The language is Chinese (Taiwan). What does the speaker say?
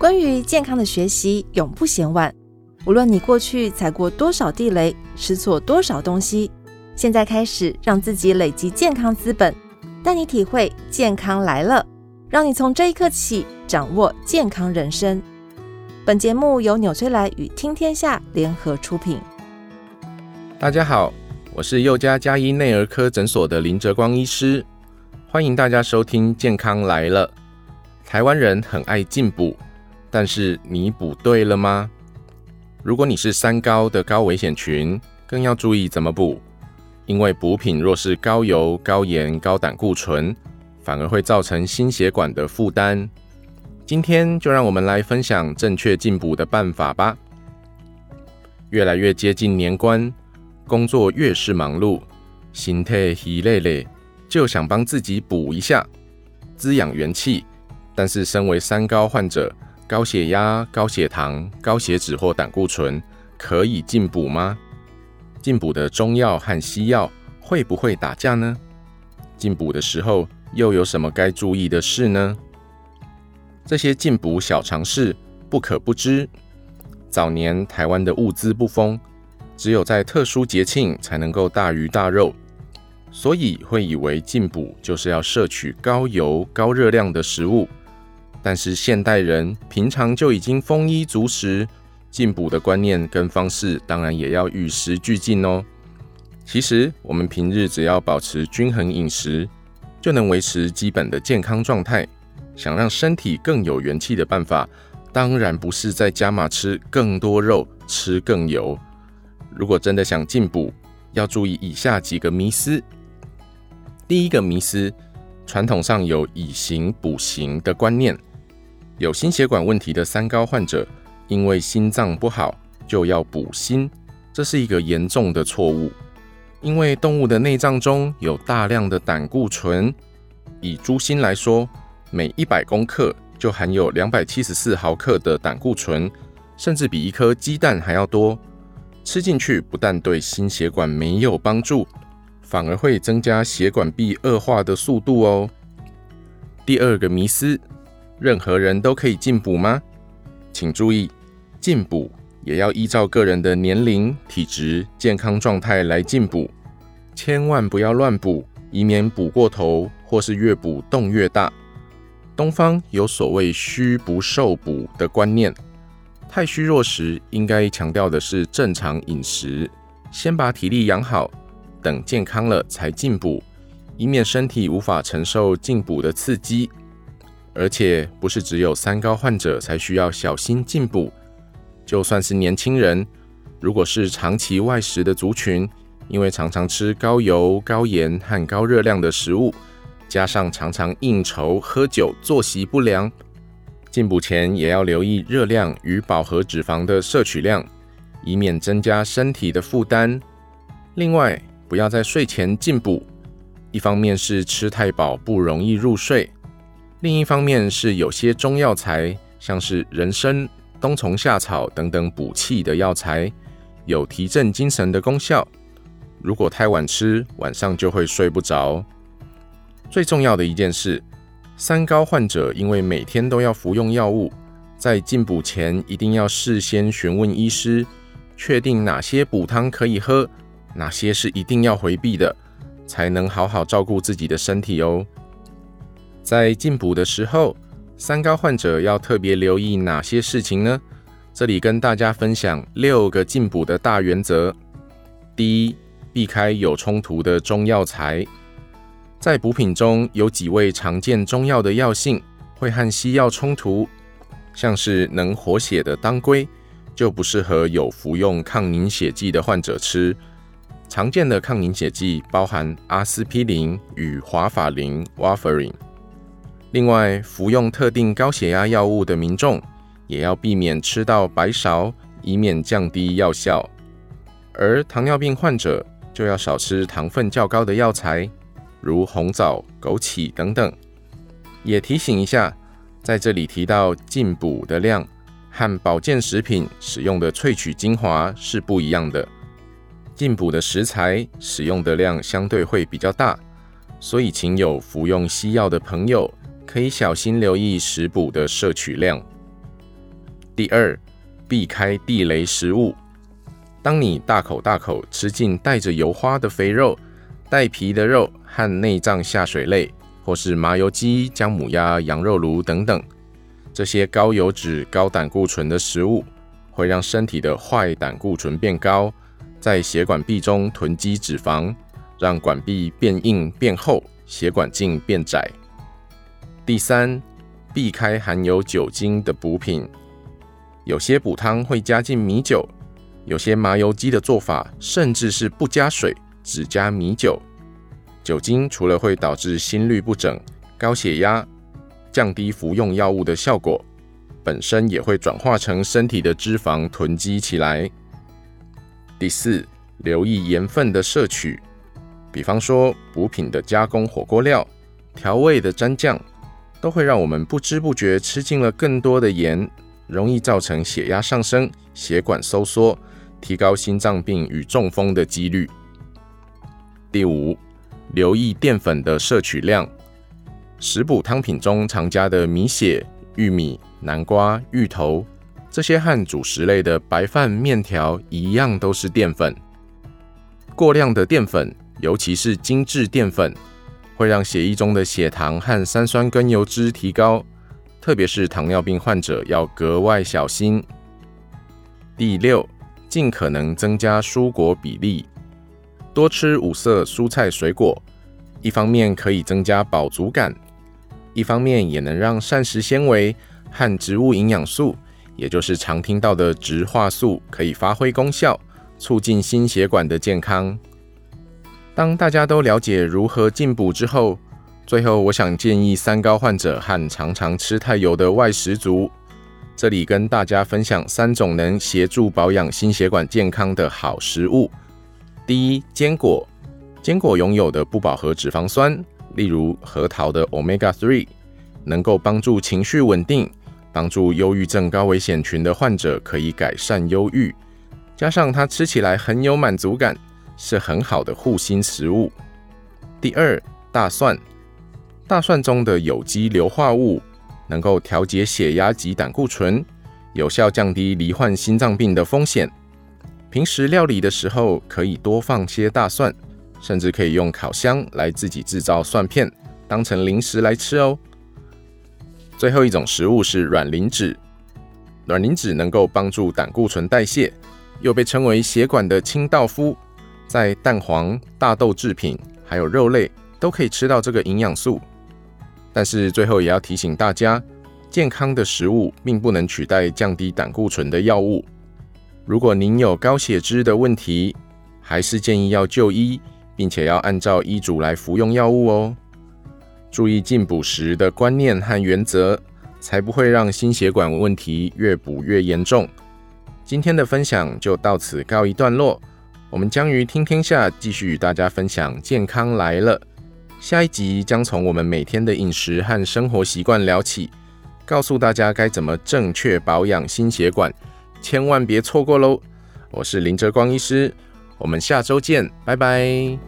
關於健康的學習，永不嫌晚。無論你過去踩過多少地雷，吃錯多少東西，現在開始讓自己累積健康資本，帶你體會健康來了，讓你從這一刻起掌握健康人生。本節目由紐崔萊與聽天下聯合出品。大家好，我是佑家嘉醫內兒科診所的林哲光醫師，歡迎大家收聽《健康來了》。台灣人很愛進補，但是你補對了嗎？如果你是三高的高危險群，更要注意怎麼補，因為補品若是高油、高鹽、高膽固醇，反而會造成心血管的負擔。今天就讓我們來分享正確進補的辦法吧。越來越接近年關，工作越是忙碌，心態疲累累，就想幫自己補一下，滋養元氣。但是身為三高患者，高血壓、高血糖、高血脂或膽固醇，可以進補嗎？進補的中藥和西藥會不會打架呢？進補的時候又有什麼該注意的事呢？這些進補小常識不可不知。早年台灣的物資不豐，只有在特殊節慶才能夠大魚大肉，所以會以為進補就是要攝取高油、高熱量的食物。但是現代人平常就已經豐衣足食，進補的觀念跟方式當然也要與時俱進哦。其實我們平日只要保持均衡飲食，就能維持基本的健康狀態。想讓身體更有元氣的辦法，當然不是在加碼吃更多肉、吃更油。如果真的想進補，要注意以下幾個迷思。第一個迷思，傳統上有以形補形的觀念。有心血管問題的三高患者，因為心臟不好就要補心，這是一個嚴重的錯誤。因為動物的內臟中有大量的膽固醇，以豬心來說，每一百公克就含有兩百七十四毫克的膽固醇，甚至比一顆雞蛋還要多。吃進去不但對心血管沒有幫助，反而會增加血管壁惡化的速度哦。第二個迷思。任何人都可以進補嗎？請注意，進補也要依照個人的年齡、體質、健康狀態來進補，千萬不要亂補，以免補過頭或是越補洞越大。東方有所謂“虛不受補”的觀念，太虛弱時應該強調的是正常飲食，先把體力養好，等健康了才進補，以免身體無法承受進補的刺激。而且不是只有三高患者才需要小心進補，就算是年輕人，如果是長期外食的族群，因為常常吃高油、高鹽和高熱量的食物，加上常常應酬、喝酒、作息不良，進補前也要留意熱量與飽和脂肪的攝取量，以免增加身體的負擔。另外，不要在睡前進補，一方面是吃太飽不容易入睡。另一方面是有些中藥材，像是人參、冬蟲夏草等等補氣的藥材，有提振精神的功效。如果太晚吃，晚上就會睡不着。最重要的一件事，三高患者因為每天都要服用藥物，在進補前一定要事先詢問醫師，確定哪些補湯可以喝，哪些是一定要回避的，才能好好照顧自己的身體哦。在進補的時候，三高患者要特別留意哪些事情呢？這裡跟大家分享六個進補的大原則。第一，避開有衝突的中藥材。在補品中有幾味常見中藥的藥性會和西藥衝突，像是能活血的當歸就不適合有服用抗凝血劑的患者吃。常見的抗凝血劑包含阿司匹林與華法林 w a f f e r i n g。另外，服用特定高血壓藥物的民眾也要避免吃到白芍，以免降低藥效；而糖尿病患者就要少吃糖分較高的藥材，如紅棗、枸杞等等。也提醒一下，在這裡提到進補的量和保健食品使用的萃取精華是不一樣的。進補的食材使用的量相對會比較大，所以請有服用西藥的朋友，可以小心留意食補的攝取量。第二，避開地雷食物。當你大口大口吃進帶着油花的肥肉、帶皮的肉和內臟下水類，或是麻油雞、薑母鴨、羊肉爐等等，這些高油脂、高膽固醇的食物，會讓身體的壞膽固醇變高，在血管壁中囤積脂肪，讓管壁變硬變厚，血管徑變窄。第三，避開含有酒精的補品。有些補湯會加進米酒，有些麻油雞的做法甚至是不加水，只加米酒。酒精除了會導致心律不整、高血壓、降低服用藥物的效果，本身也會轉化成身體的脂肪囤積起來。第四，留意鹽分的攝取，比方說補品的加工火鍋料、調味的蘸醬。都會讓我們不知不覺吃進了更多的鹽，容易造成血壓上升、血管收縮，提高心臟病與中風的幾率。第五，留意澱粉的攝取量。食補湯品中常加的米血、玉米、南瓜、芋頭，這些和主食類的白飯、麵條一樣，都是澱粉。過量的澱粉，尤其是精致澱粉。會讓血液中的血糖和三酸甘油脂提高，特別是糖尿病患者要格外小心。第六，盡可能增加蔬果比例，多吃五色蔬菜水果，一方面可以增加飽足感，一方面也能讓膳食纖維和植物營養素，也就是常聽到的植化素，可以發揮功效，促進心血管的健康。當大家都了解如何進補之後，最後我想建議三高患者和常常吃太油的外食族，這裡跟大家分享三種能協助保養心血管健康的好食物。第一，堅果。堅果擁有的不飽和脂肪酸，例如核桃的 Omega-3，能夠幫助情緒穩定，幫助憂鬱症高危險群的患者可以改善憂鬱，加上它吃起來很有滿足感。是很好的護心食物。第二，大蒜，大蒜中的有機硫化物能夠調節血壓及膽固醇，有效降低罹患心臟病的風險。平時料理的時候可以多放些大蒜，甚至可以用烤箱來自己制造蒜片，當成零食來吃哦。最後一種食物是卵磷脂，卵磷脂能夠幫助膽固醇代謝，又被稱為血管的清道夫。在蛋黃、大豆製品還有肉類都可以吃到這個營養素，但是最後也要提醒大家，健康的食物並不能取代降低膽固醇的藥物。如果您有高血脂的問題，還是建議要就醫，並且要按照醫囑來服用藥物哦。注意進補時的觀念和原則，才不會讓心血管問題越補越嚴重。今天的分享就到此告一段落。我們將於聽天下繼續與大家分享健康來了。下一集將從我們每天的飲食和生活習慣聊起，告訴大家該怎麼正確保養心血管，千萬別錯過嘍！我是林哲光醫師，我們下周見，拜拜。